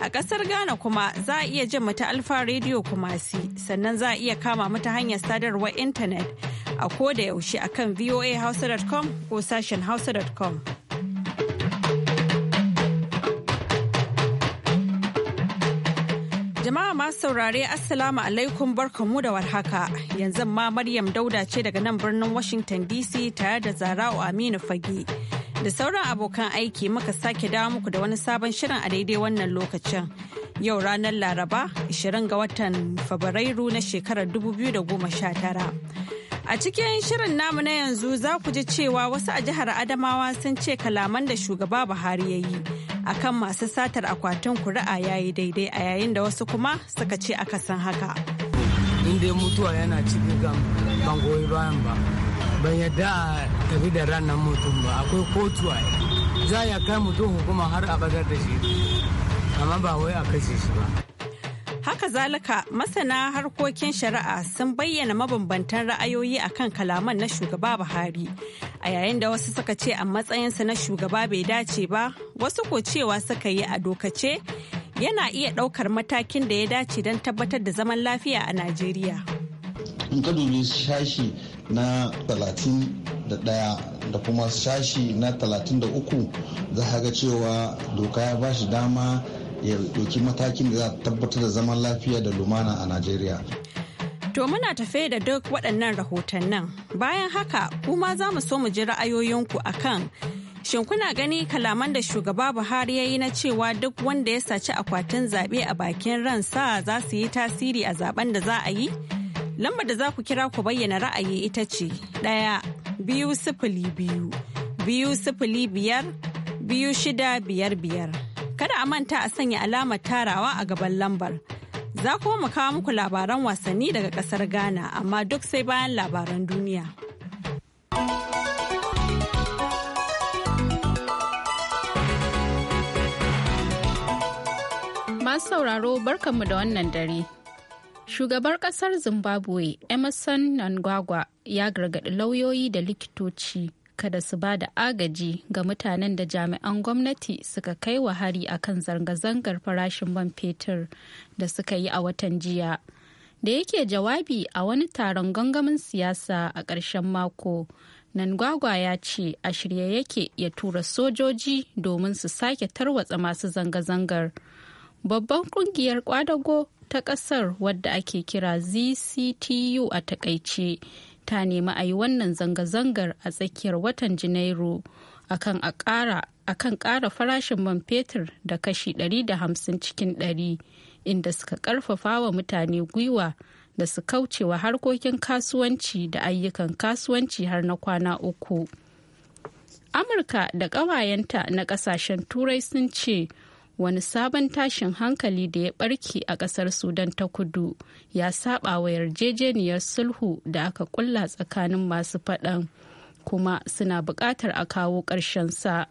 A ƙasar Ghana kuma za a iya jin mata Alfa Radio Kumasi sannan za a iya kama mata hanyar sadarwar intanet a koda yaushe akan voahausa.com ko sashen hausa.com. Jama'a masu saurare Assalamu alaikum barkamu da warhaka yanzu ma Maryam Dauda ce daga nan birnin Washington DC tare da Zara'u Aminu Fage. da sauran abokan aiki muka sake dawo muku da wani sabon shirin a daidai wannan lokacin. Yau ranar Laraba 20 ga watan Fabrairu na shekarar 2019. A cikin shirin namu na yanzu za ku ji cewa wasu a jihar Adamawa sun ce kalaman da shugaba Buhari ya yi akan masu satar akwatin kuri'a ya yi daidai a yayin da wasu kuma suka ce akasin haka. Inda mutuwa yana cikin bayan ba. ban yadda a tafi da ranar mutum ba akwai kotu a za ya kai mutum hukuma har a bazar da shi amma ba wai a kashe shi ba haka zalika masana harkokin shari'a sun bayyana mabambantan ra'ayoyi a kan kalaman na shugaba buhari a yayin da wasu suka ce a matsayinsa na shugaba bai dace ba wasu ko cewa suka yi a dokace yana iya ɗaukar matakin da ya dace don tabbatar da zaman lafiya a najeriya in ka dubi shashi na 31 da kuma shashi na 33 za ka cewa doka ya ba shi dama ya ɗauki matakin da za a tabbatar da zaman lafiya da lumana a najeriya To muna tafe da duk waɗannan rahotannin. Bayan haka, kuma za mu so mu ji ra'ayoyinku a kan shin kuna gani kalaman da shugaba Buhari ya yi na cewa duk wanda ya saci akwatin zaɓe a bakin ransa za su yi tasiri a zaben da za a yi? Lambar da za ku kira ku bayyana ra'ayi ita ce ɗaya biyu sifili biyu biyu sifili biyar biyu shida biyar biyar. Kada a manta a sanya alamar tarawa a gaban lambar. Za kuma mu kawo muku labaran wasanni daga kasar Ghana amma duk sai bayan labaran duniya. Masu sauraro barkanmu da wannan dare. Shugabar kasar Zimbabwe Emerson Nangwagwa ya gargaɗi lauyoyi da likitoci kada su ba da agaji ga mutanen da jami'an gwamnati suka kai wa hari a kan zanga-zangar farashin man fetur da suka yi a watan jiya. Da yake jawabi a wani taron gangamin siyasa a ƙarshen mako, Nangwagwa ya ce a shirye yake ya tura sojoji domin su sake tarwatsa masu zanga-zangar. Babban kungiyar kwadago ta ƙasar wadda ake kira ZCTU a takaice ta nemi a yi wannan zanga-zangar a tsakiyar watan Janairu a kan ƙara farashin man fetur da kashi 150 cikin 100 inda suka ƙarfafa wa mutane gwiwa da su kaucewa harkokin kasuwanci da ayyukan kasuwanci har na kwana uku. Amurka da ƙawayenta na ƙasashen Turai sun ce wani sabon tashin hankali da ya barke a kasar sudan ta kudu ya saba wa yarjejeniyar sulhu da aka kulla tsakanin masu faɗan kuma suna buƙatar a kawo ƙarshen sa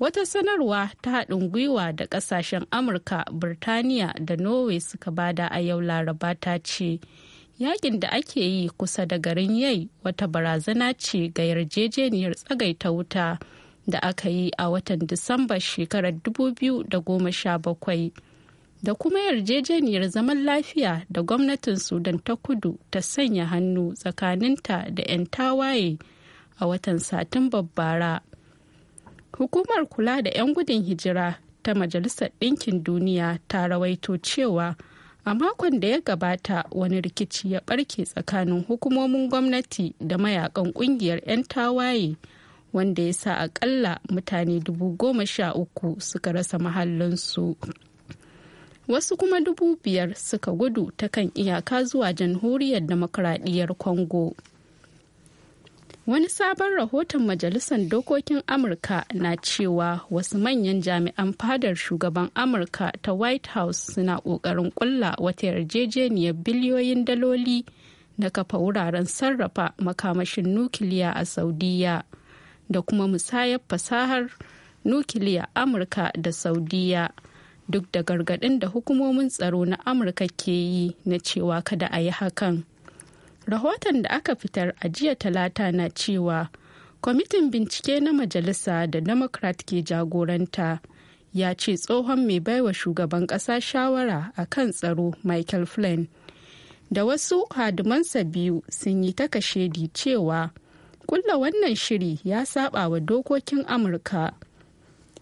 wata sanarwa ta haɗin gwiwa da ƙasashen amurka birtaniya da norway suka bada a yau laraba ta ce yakin da ake yi kusa da garin yai wata barazana ce ga yarjejeniyar tsagaita wuta da aka yi a watan Disamba shekarar 2017 da kuma yarjejeniyar zaman lafiya da gwamnatin Sudan ta kudu ta sanya hannu tsakaninta da 'yan tawaye a watan Satumbar bara. Hukumar kula da 'yan gudun hijira ta Majalisar Ɗinkin Duniya ta rawaito cewa a makon da ya gabata wani rikici ya ɓarke tsakanin hukumomin gwamnati da mayakan ƙungiyar 'yan tawaye wanda ya sa akalla mutane dubu goma sha uku suka rasa mahallinsu wasu kuma dubu biyar suka gudu ta kan iyaka zuwa jamhuriyar demokradiyyar congo wani sabon rahoton majalisar dokokin amurka na cewa wasu manyan jami'an fadar shugaban amurka ta white house suna ƙoƙarin ƙulla wata yarjejeniyar biliyoyin daloli na kafa wuraren sarrafa makamashin nukiliya a saudiyya. da kuma musayar fasahar nukiliya amurka da saudiya duk da gargaɗin da hukumomin tsaro na amurka ke yi na cewa kada a yi hakan rahoton da aka fitar a jiya talata na cewa kwamitin bincike na majalisa da democrat ke jagoranta ya ce tsohon mai baiwa shugaban ƙasa shawara a kan tsaro michael flynn da wasu hadimansa biyu sun yi takashedi cewa kulla wannan shiri ya saba wa dokokin amurka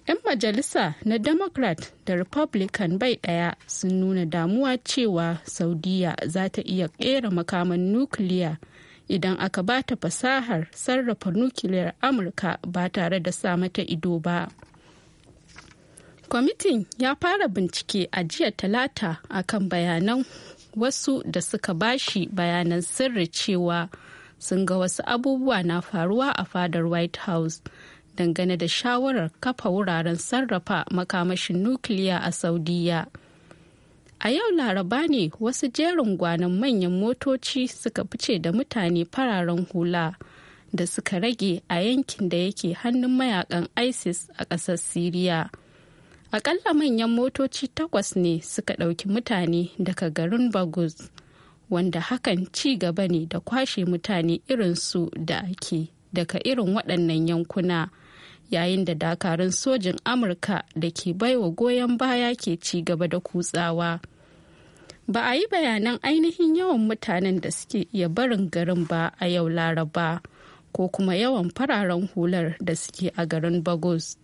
'yan majalisa na democrat da republican bai daya sun nuna damuwa cewa saudiya za ta iya kera makaman nukiliya idan aka ba ta fasahar sarrafa nukiliyar amurka ba tare da sa mata ido ba kwamitin ya fara bincike a jiya talata akan bayanan wasu da suka bashi bayanan sirri cewa sun ga wasu abubuwa na faruwa a fadar white house dangane da shawarar kafa wuraren sarrafa makamashin nukiliya a saudiya a yau laraba ne wasu jerin gwanon manyan motoci suka fice da mutane fararen hula da suka rage a yankin da yake hannun mayakan isis a ƙasar siriya akalla manyan motoci takwas ne suka ɗauki mutane daga garin bagus wanda hakan ci gaba ne da kwashe mutane irinsu da ake daga irin waɗannan yankuna yayin da dakarun sojin amurka da ke baiwa goyon baya ke ci gaba da kutsawa ba a yi bayanan ainihin yawan mutanen da suke iya barin garin ba a yau laraba ko kuma yawan fararen hular da suke a garin bagos.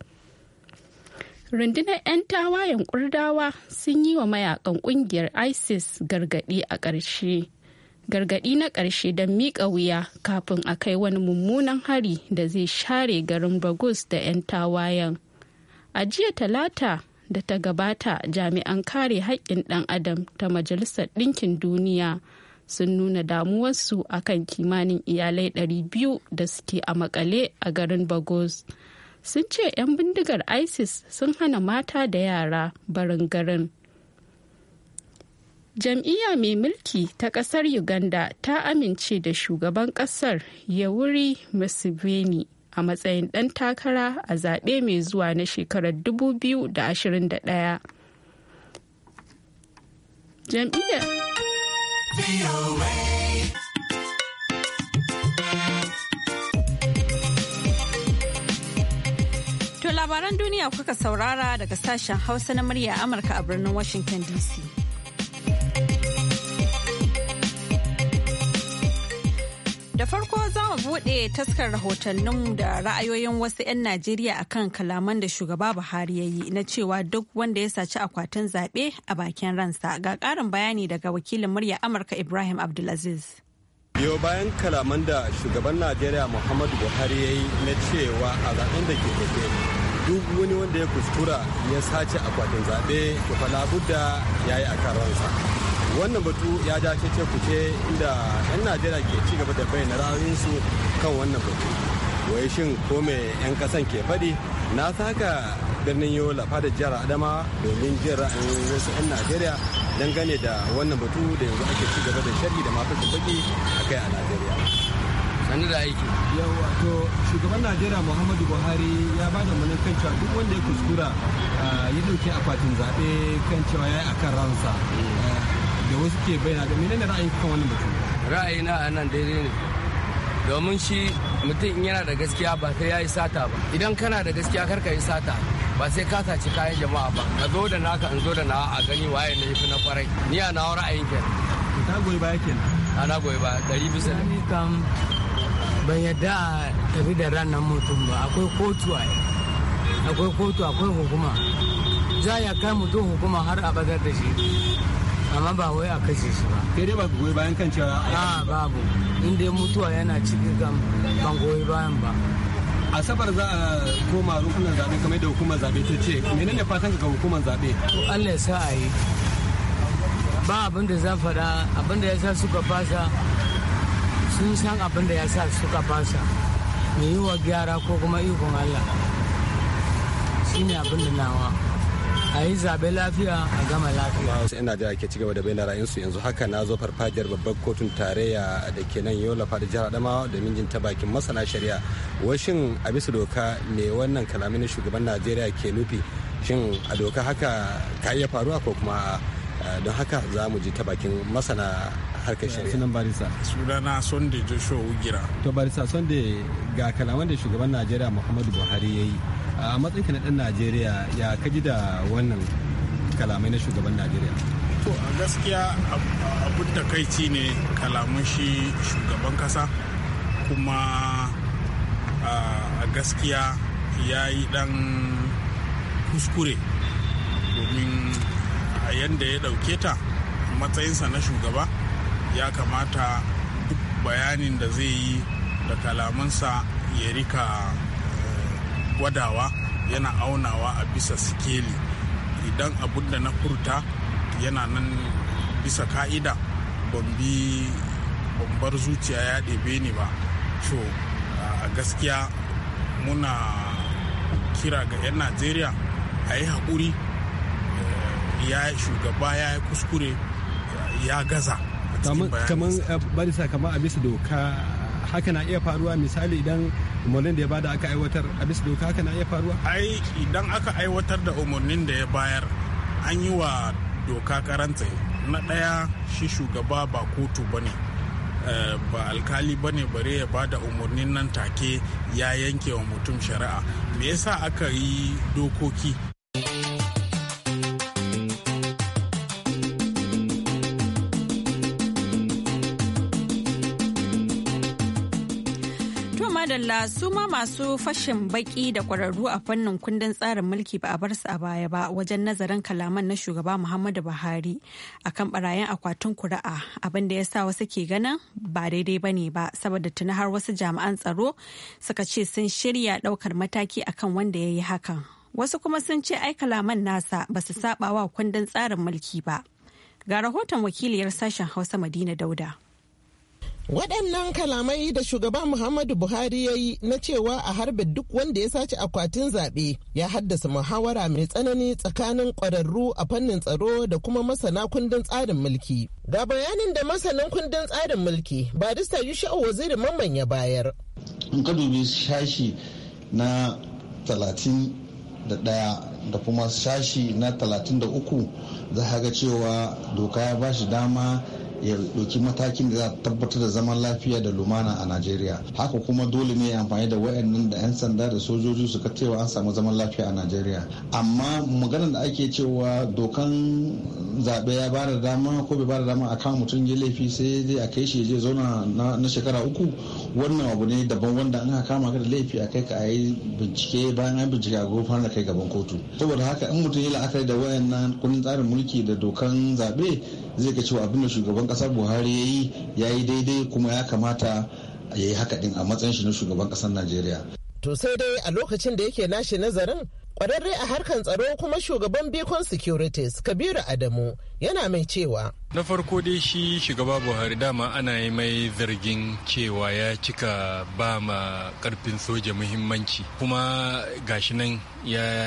rundunar 'yan tawayen kurdawa sun yi wa mayakan kungiyar isis gargadi a ƙarshe gargadi na ƙarshe don miƙa wuya kafin a kai wani mummunan hari da zai share garin bagus da 'yan tawayen a jiya talata da ta gabata jami'an kare haƙƙin ɗan adam ta majalisar ɗinkin duniya sun nuna damuwarsu akan kimanin iyalai 200 da suke a makale a garin bagos sun ce 'yan bindigar isis sun hana mata da yara barin garin jam'iyya mai mulki ta kasar uganda ta amince da shugaban kasar yawuri museveni a matsayin ɗan takara a zaɓe mai zuwa na shekarar 2021 jam'iyyar labaran duniya kuka saurara daga sashen Hausa na murya Amurka a birnin Washington DC. Da farko za mu buɗe taskar rahotannin da ra'ayoyin wasu 'yan Najeriya akan kalaman da shugaba Buhari ya yi na cewa duk wanda ya saci akwatin zaɓe a bakin ransa ga karin bayani daga wakilin murya Amurka Ibrahim Abdulaziz. yau bayan kalaman da shugaban najeriya muhammadu buhari ya yi na cewa a zaɓen da ke tafiya duk wani wanda ya kuskura ya sace akwatin zaɓe to fa labudda ya yi a wannan batu ya ja cece kuce inda 'yan najeriya ke ci gaba da bayyana ra'ayoyinsu kan wannan batu wai shin ko me 'yan kasan ke faɗi na saka birnin lafa da jihar adama domin jin ra'ayin wasu 'yan najeriya dangane da wannan batu da yanzu ake ci gaba da sharhi da mafi baki a kai a najeriya sani da aiki yawa to shugaban najeriya muhammadu buhari ya ba da manin kan cewa duk wanda ya kuskura ya dauki akwatin zaɓe kan cewa ya yi a kan ransa eh, da wasu ke bayyana da menene ra'ayin kan wani mutum. ra'ayina a nan daidai ne domin shi mutum yana da gaskiya ba sai ya yi sata ba idan kana da gaskiya kar ka yi sata ba sai ka saci kayan jama'a ba ka zo da naka in zo da nawa a gani waye na yi na kwarai ni a nawa ra'ayin kenan ta goyi baya kenan ana goyi baya ɗari bisa ni kam ban yadda a tafi da ranar mutum ba akwai kotu akwai kotu akwai hukuma za ya kai mutum hukuma har a bazar da shi amma ba wai a kashe shi ba ke dai ba goyi bayan kan cewa a babu in dai mutuwa yana ciki gam ban goyi bayan ba asabar za a koma rukunan zabe kamar da hukumar zabe ta ce menene fatan ga hukumar zabe to Allah ya sa a yi ba abin da za faɗa abin da ya sa suka fasa sun san abin da ya sa suka fasa mai yi wa gyara ko kuma ikon allah ne abin da nawa a yi zaɓe lafiya a gama lafiya. wasu ina jira ke cigaba da bayyana ra'ayinsu yanzu haka na zo farfajiyar babbar kotun tarayya da ke nan lafa da jihar adamawa da jin ta bakin masana shari'a washin a bisa doka ne wannan kalamin shugaban najeriya ke nufi shin a doka haka ka iya faruwa ko kuma eh, don haka za mu ji ta bakin masana harkar shari'a sunan barisa sunana sunday joshua ugira to barisa sunday ga kalaman da shugaban najeriya muhammadu buhari ya yi a matsayinka na dan najeriya ya kaji da wannan kalamai na shugaban najeriya to a gaskiya abun takaici ne kalamun shi shugaban kasa kuma a gaskiya ya yi dan kuskure domin a yadda ya dauke ta matsayinsa na shugaba ya kamata duk bayanin da zai yi da kalamansa ya rika eh, gwadawa yana aunawa a bisa sikeli idan abun da na furta yana nan bisa ka'ida bi bambar zuciya ya ɗebe ni ba so a gaskiya muna kira ga 'yan najeriya a yi haƙuri eh, ya shugaba ya yi kuskure ya gaza kamar kaman eh, barisa kaman a bisa doka haka na iya faruwa misali idan umarnin da ya bada aka aiwatar a bisa doka haka na iya faruwa ai idan aka aiwatar da umarnin da ya bayar an yi wa doka karanta na ɗaya shi shugaba ba kotu ba ne eh, ba alkali ba ne bare ya bada umarnin nan take ya yanke wa mutum shari'a me yasa aka yi dokoki madalla su ma masu fashin baki da kwararru a fannin kundin tsarin mulki ba a bar su a baya ba wajen nazarin kalaman na shugaba Muhammadu Buhari akan barayin akwatin kuri'a abin da ya sa wasu ke ganin ba daidai ba ne ba saboda tuni har wasu jami'an tsaro suka ce sun shirya daukar mataki akan wanda ya yi hakan. Wasu kuma sun ce ai kalaman nasa ba su saba wa kundin tsarin mulki ba. Ga rahoton wakiliyar sashen Hausa Madina Dauda. Waɗannan kalamai da shugaba Muhammadu Buhari ya yi na cewa a harbe duk wanda ya sace akwatin zaɓe ya haddasa muhawara mai tsanani tsakanin ƙwararru a fannin tsaro da kuma masana kundin tsarin mulki. Ga bayanin da masanin kundin tsarin mulki, barista yusha Waziri Mamman ya bayar. ka dubi shashi na 31 da kuma shashi na 33 za uku ga cewa doka ya ba shi dama ya doki matakin da za a tabbatar da zaman lafiya da lumana a najeriya haka kuma dole ne ya amfani da wayannan da 'yan sanda da sojoji su cewa an samu zaman lafiya a najeriya amma maganar da ake cewa dokan zaɓe ya bada dama ko bai bada dama a kan mutum ya laifi sai dai a kai shi ya je zauna na shekara uku wannan abu ne daban wanda an ka kama ka da laifi a kai ka a yi bincike bayan an bincike a gofar da kai gaban kotu saboda haka in mutum ya la'akari da wayannan kundin tsarin mulki da dokan zaɓe zai ga cewa da shugaban kasar buhari ya yi ya yi daidai kuma ya kamata ya yi haka din a matsayin shi na shugaban kasar najeriya to sai dai a lokacin da yake nashi nazarin kwararre a harkar tsaro kuma shugaban Bikon Securities Kabiru Adamu yana mai cewa. Na farko dai shi shugaba Buhari dama ana yi mai zargin cewa ya cika ba ma karfin soja muhimmanci kuma gashi nan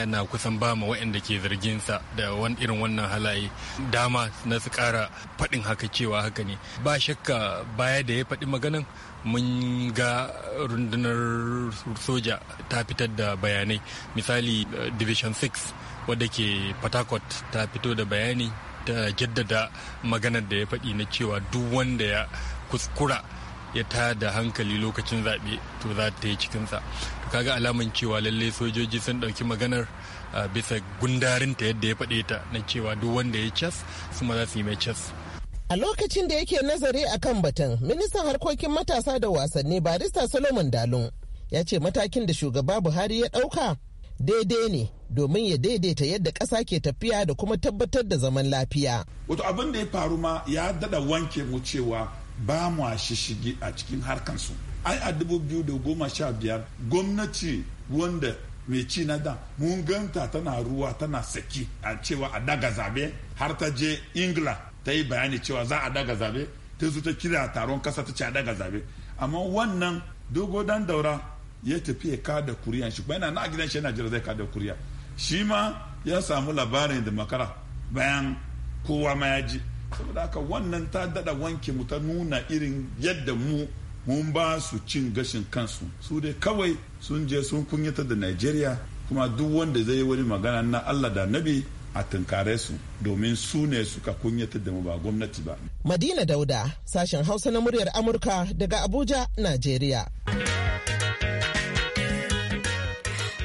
na kusan ba ma waɗanda ke zarginsa da wani irin wannan halaye dama na su kara faɗin haka cewa haka ne ba shakka baya da ya faɗi maganan mun ga rundunar soja ta fitar da bayanai misali eh, division 6 wadda ke patakot ta fito da bayani ta jaddada maganar da ya faɗi na cewa duk wanda ya kuskura ya ta da hankali lokacin zaɓe to za ta yi cikinsa to kaga alaman cewa lallai sojoji sun ɗauki maganar eh, bisa gundarinta yadda ya faɗe ta na cewa duk wanda ya cas su ma za su yi mai cas A lokacin da yake nazari a kan batun, ministan harkokin matasa da wasanni barista Solomon Dalun ya ce matakin da shugaba Buhari ya ɗauka daidai ne domin ya daidaita yadda ƙasa ke tafiya da kuma tabbatar da zaman lafiya. Wato abin da ya faru ma ya dada wanke mu cewa ba mu shishigi a cikin su Ai a dubu biyu da goma sha biyar gwamnati wanda mai ci na da mun ganta tana ruwa tana saki a cewa a daga zabe har ta je ingila ta yi bayani cewa za a daga zabe ta zo ta kira taron kasa ta ce a daga zabe amma wannan dogo dan daura ya tafi ya kada kuriyan shi kuma yana na gidan shi yana jira zai kada kuriya shi ma ya samu labarin da makara bayan kowa ma ya ji saboda haka wannan ta dada wanke mu ta nuna irin yadda mu mun ba su cin gashin kansu su dai kawai sun je sun kunyata da Najeriya kuma duk wanda zai yi wani magana na Allah da Nabi a tunkare su domin su ne suka kunyata da mu ba gwamnati ba. Madina Dauda, sashen Hausa na muryar Amurka daga Abuja, Najeriya.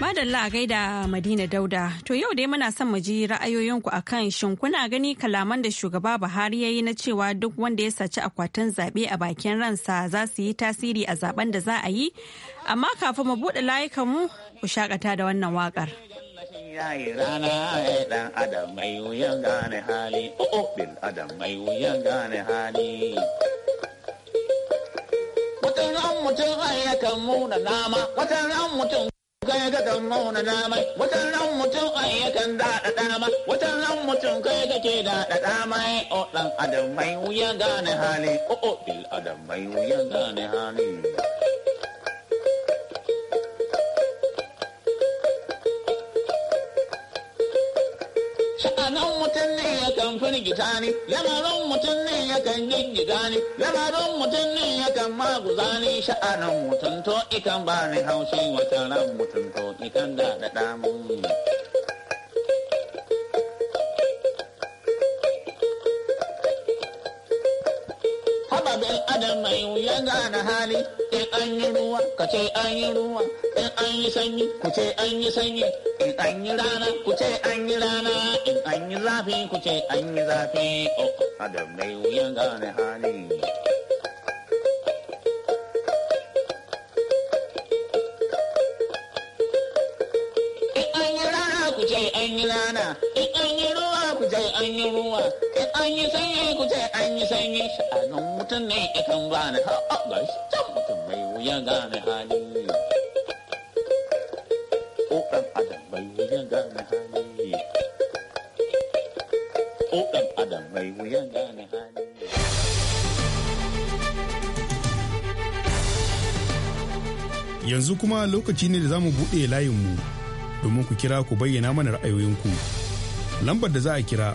Madalla gaida Madina Dauda, to yau dai muna son mu ji ra'ayoyinku a kan shin kuna gani kalaman da shugaba Buhari ya yi na cewa duk wanda ya saci akwatin zaɓe a bakin ransa za su yi tasiri a zaben da za a yi, amma kafin mu buɗe layukanmu ku shakata da wannan waƙar. yayi rana ai eh, dan adam mai wuyan gane hali oh, oh bil adam mai wuyan gane hali watan mutum ai yakan muna nama watan ran mutum kai ga kan muna nama watan mutum ai yakan daɗa dama watan mutum kai ga ke daɗa dama oh dan adam mai wuyan gane hali oh, oh bil adam mai wuyan gane hali sha'anin mutum ne yakan firgita ni lamarin mutum ne yakan gingiga ni lamarin mutum ne yakan maguza ni sha'anan mutum to ikan ba ni haushi wata ran mutum to ikan da da damun Haba bin adam mai wuyan gane hali an yi ruwa ka ce an yi ruwa in an yi sanyi ku ce an yi sanyi in an yi rana ku ce an yi rana in an yi zafi ku ce an yi zafi oh adam mai wuyan gane hali in an yi rana ku ce an yi rana in an yi ruwa in an yi sanyi ku ce an yi sanyi sha'anin mutum ne ba ni ha a ah, shi can mutum mai wuya gane hali ko ɗan adam mai wuya gane hali ko ɗan adam mai wuya gane hali yanzu kuma lokaci ne da za mu buɗe layinmu domin ku kira ku bayyana mana ra'ayoyinku. Lambar da za a kira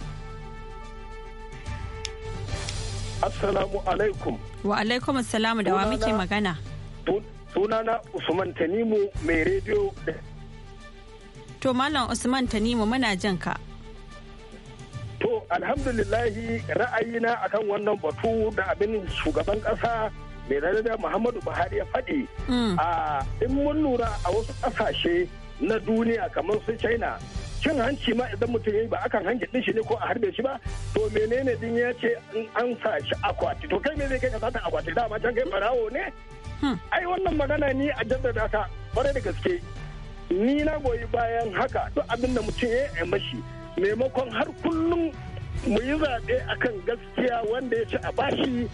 Assalamu alaikum. Wa alaikum assalamu da wa muke magana. Sunana Usman Tanimu mai rediyo. To Malam Usman Tanimu muna jin ka. To alhamdulillahi ra'ayina akan wannan batu da abin shugaban ƙasa mai daraja Muhammadu Buhari ya faɗi. Mm. A ah, in mun lura a wasu ƙasashe na duniya kamar su china cin hanci ma idan mutum ya yi ba akan hanci din shi ne ko a harbe shi ba to menene din ya ce an sa shi akwati to kai me zai kai ka sata akwati dama can kai farawo ne hmm. ai wannan magana ni a jaddada ta kwarai da gaske ni na goyi bayan haka duk abin da mutum ya yi mashi maimakon har kullum mu yi zaɓe akan gaskiya wanda ya ci a bashi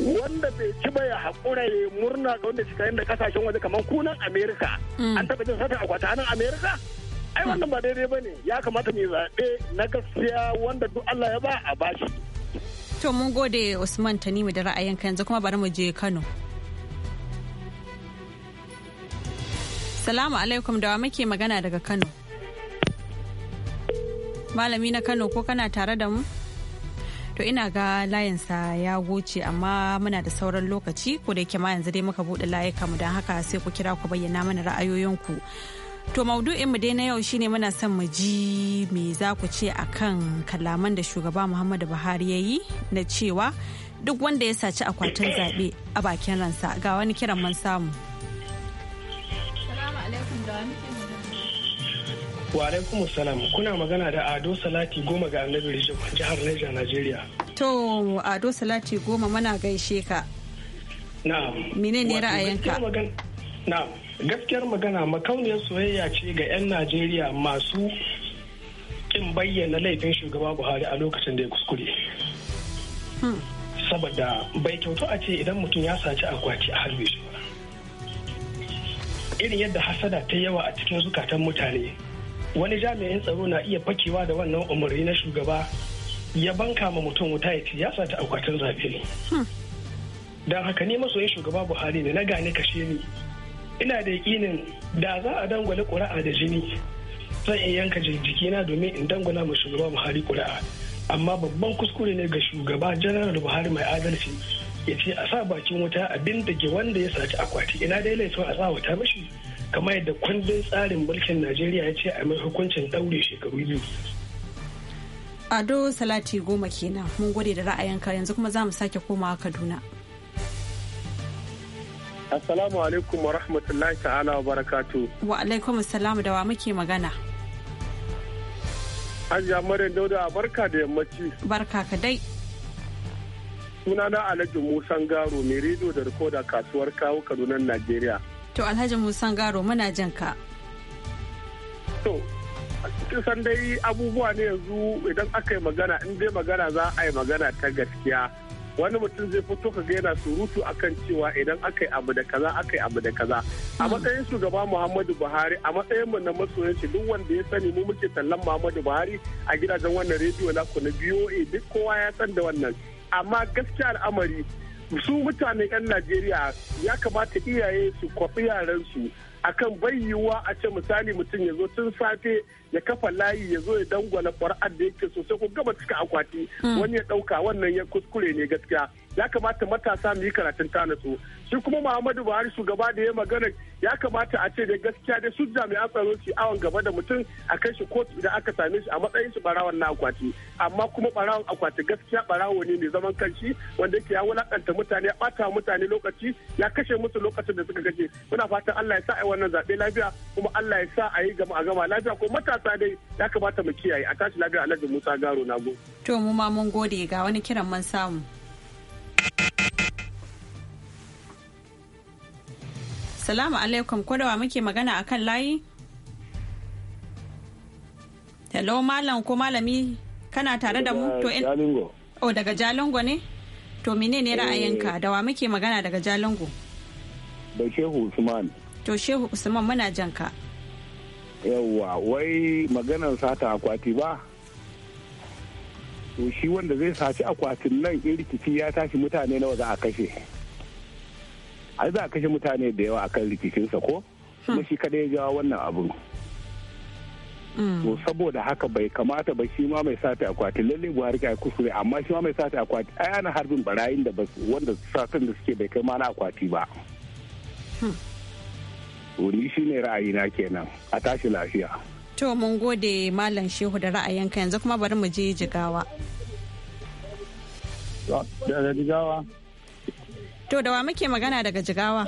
wanda bai ci ba ya haƙura ya murna ga wanda shiga da kasashen waje kamar kunan amerika mm. an taɓa jin sata akwata nan amerika ai wannan ba daidai ba ne ya kamata mai zaɓe na gaskiya wanda duk allah ya ba a bashi to mun gode usman tanimu da ra'ayinka yanzu kuma bari mu je kano salamu alaikum da wa muke magana daga kano malami na kano ko kana tare da mu to ina ga layinsa ya goce amma muna da sauran lokaci ko da yake ma yanzu dai muka buɗe layuka mu don haka sai ku kira ku bayyana mana ra'ayoyinku to maudu'in mu dai na yau shine muna son mu ji me za ku ce akan kalaman da shugaba muhammadu buhari ya yi na cewa duk wanda ya saci akwatin zaɓe a bakin ransa ga wani kiran mun samu. Wa alaikum salam kuna magana da Ado Salati goma ga Annabi rijo jihar Niger Nigeria. To Ado Salati goma mana gaishe ka. Na'am. Mene ne ra'ayinka? Na'am. Gaskiyar magana makauniyar soyayya ce ga 'yan Najeriya masu kin bayyana laifin shugaba Buhari a lokacin da ya kuskure. Hmm. Saboda bai kyautu a ce idan mutum ya saci akwati a harbe shi ba. Irin yadda hasada ta yawa a cikin zukatan mutane wani jami'in tsaro na iya fakewa da wannan umarni na shugaba ya banka ma mutum wuta ya ci ya ta akwatin zaɓe ne hmm. don haka ni masoyin shugaba buhari ne na gane kashe ni ina da yakinin da za a dangwale ƙuri'a da jini zan iya yanka jikina domin in dangwala ma shugaba buhari ƙuri'a amma babban kuskure ne ga shugaba janar buhari mai adalci ya ce a sa bakin wuta abinda da ke wanda ya saci akwati ina dai laifin a sa wuta mashi kamar yadda kundin tsarin mulkin najeriya ya ce a mai hukuncin daure shekaru biyu ado salati goma kenan mun gode da ra'ayinka yanzu kuma za mu sake komawa kaduna assalamu alaikum wa rahmatullahi ta'ala wa barakatu wa alaikum assalam da wa muke magana hajiya maryam dauda barka da yammaci barka ka dai sunana alhaji musan garo mai rediyo da rikoda kasuwar kawo kaduna najeriya To Alhaji Musan Garo muna jan ka. To, san dai abubuwa ne yanzu idan aka yi magana in dai magana za a yi magana ta gaskiya. Wani mutum zai fito ka ga yana surutu akan cewa idan aka yi abu da kaza aka yi abu da kaza. A hmm. matsayin shugaba Muhammadu Buhari a matsayin mu na masoyan shi duk wanda ya sani mu muke tallan Muhammadu Buhari a gidajen wannan rediyo na ku na duk kowa ya san da wannan. Amma gaskiya al'amari su mutane 'yan najeriya ya kamata iyaye su kwafi yaransu akan bai yiwuwa a ce misali mutum ya zo tun safe ya kafa layi ya zo ya dangwala ƙwar'ar da yake sosai ko gaba cika akwati hmm. wani ya ɗauka wannan ya kuskure ne gaskiya ya kamata matasa mu yi karatun tanatsu shi kuma muhammadu buhari shugaba da ya magana ya kamata a ce da gaskiya da su jami'an tsaro su awon gaba da mutum a kai shi kotu idan aka same shi a matsayin shi barawon na akwati amma kuma barawon akwati gaskiya barawo ne mai zaman kanshi wanda yake ya wulakanta mutane ya bata mutane lokaci ya kashe musu lokacin da suka gaje muna fatan Allah ya sa wannan zaɓe lafiya kuma Allah ya sa a yi gama a gama lafiya ko matasa dai ya kamata mu kiyaye a tashi lafiya Alhaji Musa Garo na go. To mu ma mun gode ga wani kiran man samu. Salamu alaikum kodawa muke magana akan layi? Hello malam ko malami kana tare da mu to in Oh daga Jalingo ne? To menene ra'ayinka da wa muke magana daga Jalingo? Eh, shehu Usman. to shehu usman muna janka. yawa yawwa wai maganar sata akwati ba to shi wanda zai saci akwatin nan in rikici ya tashi mutane nawa za a kashe A za a kashe mutane da yawa akan rikicinsa ko kuma hmm. shi kada ya jawo wannan abin hmm. to saboda haka bai kamata ba shi ma mai sata akwati lalle buhari ya kuskure amma shi ma mai sata akwati ai ana harbin barayin da wanda satan da suke bai kai ma na akwati ba hmm. wuri ne ra'ayina kenan a tashi lafiya to mun gode malam shehu da ra'ayinka yanzu kuma bari mu je jigawa daga jigawa to da wa muke magana daga jigawa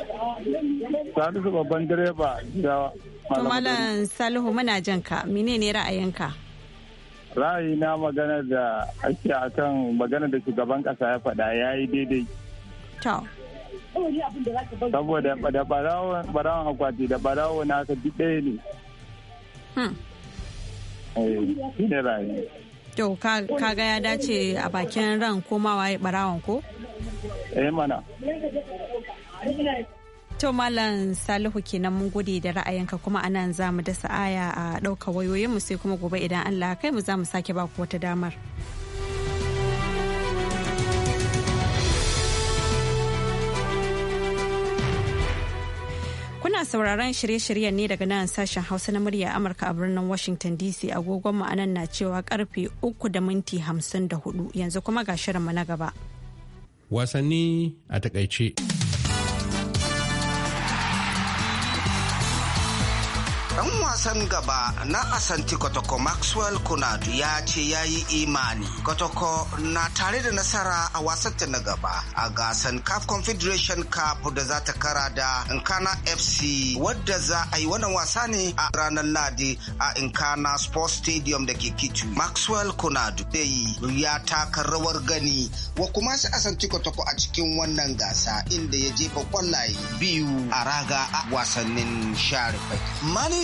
salisu babban direba jigawa to malam salihu muna jan ka ne ra'ayinka ra'ayina magana da ake akan magana da shugaban kasa ya faɗa ya yi daidai saboda da barawon akwati da barawo na ne hmm. eh, rayu ya dace a bakin ran komawa ya barawon ko? eh mana To Malam Salihu kenan mun gode da ra'ayinka kuma anan za mu dasa aya a ɗauka wayoyinmu sai kuma gobe idan Allah kai mu za mu sake baku wata damar. sauraron shirye-shiryen ne daga nan sashen Hausa na murya Amurka a birnin Washington DC agogon mu anan na cewa karfe 3 da minti 54 yanzu kuma ga shirinmu na gaba. Wasanni a takaice. Dan wasan gaba na Asanti Kotoko Maxwell Kunadu ya ce ya yi imani. Kotoko na tare da nasara a wasanta na gaba a gasan CAF Confederation Cup da za ta kara da Nkana FC wadda za a yi wannan wasa ne a ranar Ladi a Nkana Sports Stadium da ke Kitu. Maxwell Kunadu yi ya taka rawar gani wa kuma shi Asanti Kotoko a cikin wannan gasa inda ya jefa kwallaye biyu a raga a wasannin share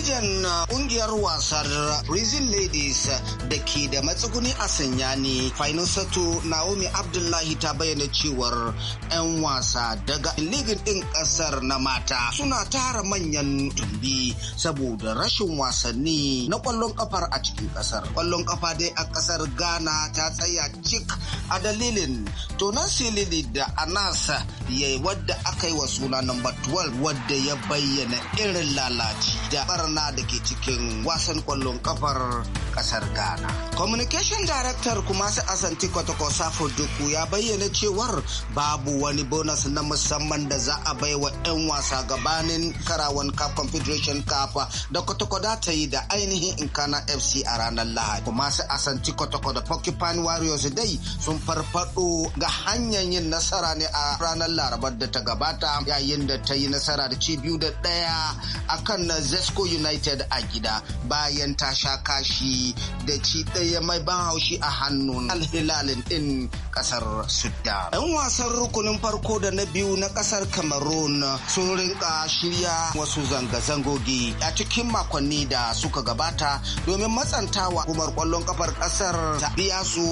Dirijan kungiyar wasar Rizin Ladies da ke da matsuguni a Sanyani, Sato Naomi Abdullahi ta bayyana cewar 'yan wasa daga ligin ɗin ƙasar na mata suna tara manyan tumbi saboda rashin wasanni na ƙwallon ƙafar a cikin ƙasar. Ƙwallon ƙafa dai a ƙasar Ghana ta tsaya cik a dalilin tonan silili da anasa ya wadda aka yi wa suna number 12 wadda ya bayyana irin lalaci da arna da ke cikin wasan kwallon kafar kasar ghana communication director kuma su asanti kwatakwa safo duku ya bayyana cewar babu wani bonus na musamman da za a baiwa 'yan wasa gabanin karawan cup confederation cup da kwatakwa ta yi da ainihin kana fc a ranar lahadi kuma su asanti kwatakwa da porcupine warriors dai sun farfado ga hanyar yin nasara ne a ranar larabar da ta gabata yayin da ta yi nasara da ci biyu da ɗaya akan zesco united a gida bayan ta sha kashi da ci ɗaya mai ban haushi a hannun alhilalin ɗin ƙasar sudan yan wasan rukunin farko da na biyu na ƙasar cameroon sun rinka shirya wasu zanga-zangogi a cikin makonni da suka gabata domin matsantawa kumar kwallon kafar ƙasar ta biya su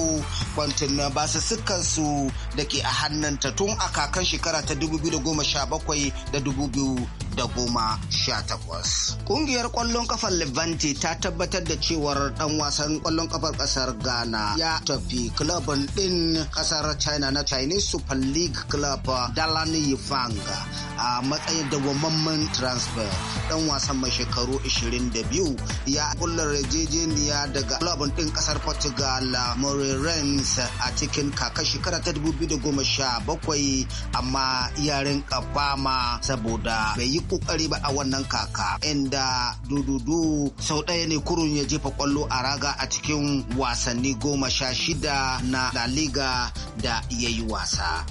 kwantin basussukansu da ke a hannunta tun a kakan shekara ta 2017 da 2018 da goma sha takwas. Kungiyar kwallon kafar Levante ta tabbatar da cewar dan wasan kwallon kafar kasar Ghana ya tafi klubin din kasar China na Chinese Super League club Dalani Yifanga a matsayin dawwammamin transfer dan wasan mai shekaru 22 ya kullar yarjejeniya daga labin din kasar Portugal morirens a cikin kakar shekara ta 2017 amma yaren kafama saboda bai yi kokari ba a wannan kaka inda dududu sau ɗaya ne kurun ya jefa kwallo a raga a cikin wasanni goma sha shida na La Liga da ya yi wasa.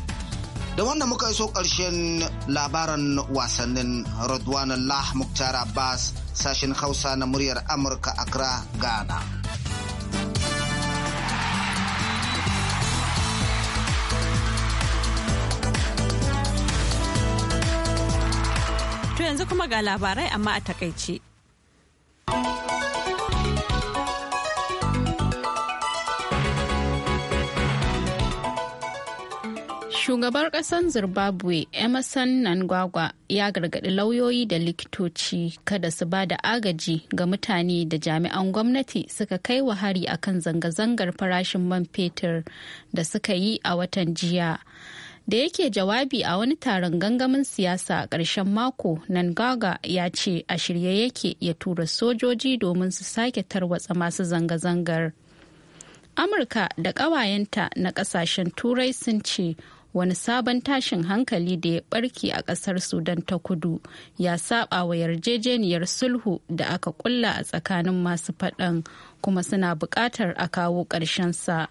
da wanda muka iso ƙarshen labaran wasannin Radwan Allah Muktar Abbas sashen Hausa na muryar Amurka Accra, Ghana. To yanzu kuma ga labarai amma a takaice. Shugabar kasan Zimbabwe Emerson Nangwagwa ya gargaɗi lauyoyi da likitoci kada su ba da agaji ga mutane da jami'an gwamnati suka kai wa hari akan zanga-zangar farashin man fetur da suka yi a watan jiya. da yake jawabi a wani taron gangamin siyasa a ƙarshen mako nangaga ya ce a shirye yake ya tura sojoji domin su sake tarwatsa masu zanga-zangar amurka da ƙawayenta na ƙasashen turai sun ce wani sabon tashin hankali da ya ɓarke a ƙasar sudan ta kudu ya saba wa yarjejeniyar sulhu da aka kulla a tsakanin masu faɗan kuma suna buƙatar a kawo sa.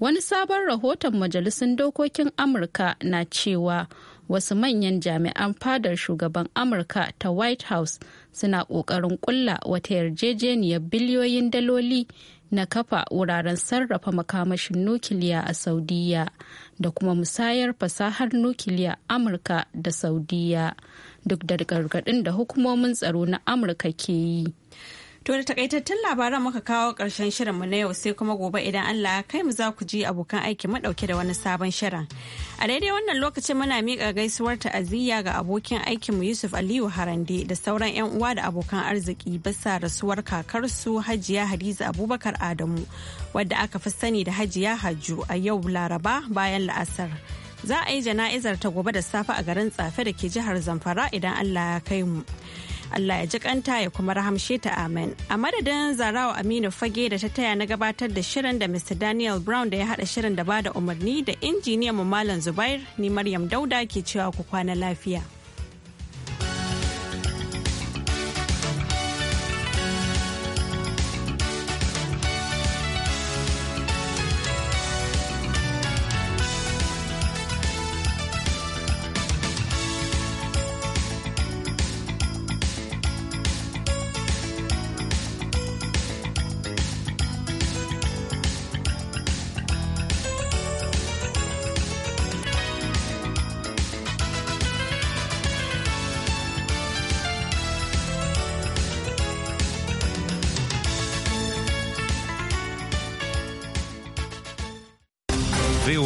wani sabon rahoton majalisun dokokin amurka na cewa wasu manyan jami'an fadar shugaban amurka ta white house suna ƙoƙarin kulla wata yarjejeniyar biliyoyin daloli na kafa wuraren sarrafa makamashin nukiliya a saudiya da kuma musayar fasahar nukiliya amurka da saudiya duk da gargaɗin da hukumomin tsaro na amurka ke yi To da takaitattun labaran muka kawo ƙarshen shirinmu na yau sai kuma gobe idan Allah kai mu za ku ji abokan aiki madauke da wani sabon shirin. A daidai wannan lokacin muna miƙa gaisuwar ta'aziyya ga abokin aikinmu Yusuf Aliyu Harande da sauran 'yan uwa da abokan arziki bisa rasuwar kakarsu Hajiya Hadiza Abubakar Adamu wadda aka fi sani da Hajiya Hajju a yau Laraba bayan la'asar. Za a yi jana'izar ta gobe da safe a garin Tsafe da ke jihar Zamfara idan Allah ya kai mu. Allah ya ji kanta ya kuma rahamshe ta amen. A madadin zarawa Aminu Fage da ta taya na gabatar da shirin da Mr. Daniel Brown da ya haɗa shirin da ba da umarni da injiniyan mu Malam Zubair ni Maryam Dauda ke cewa ku kwana lafiya.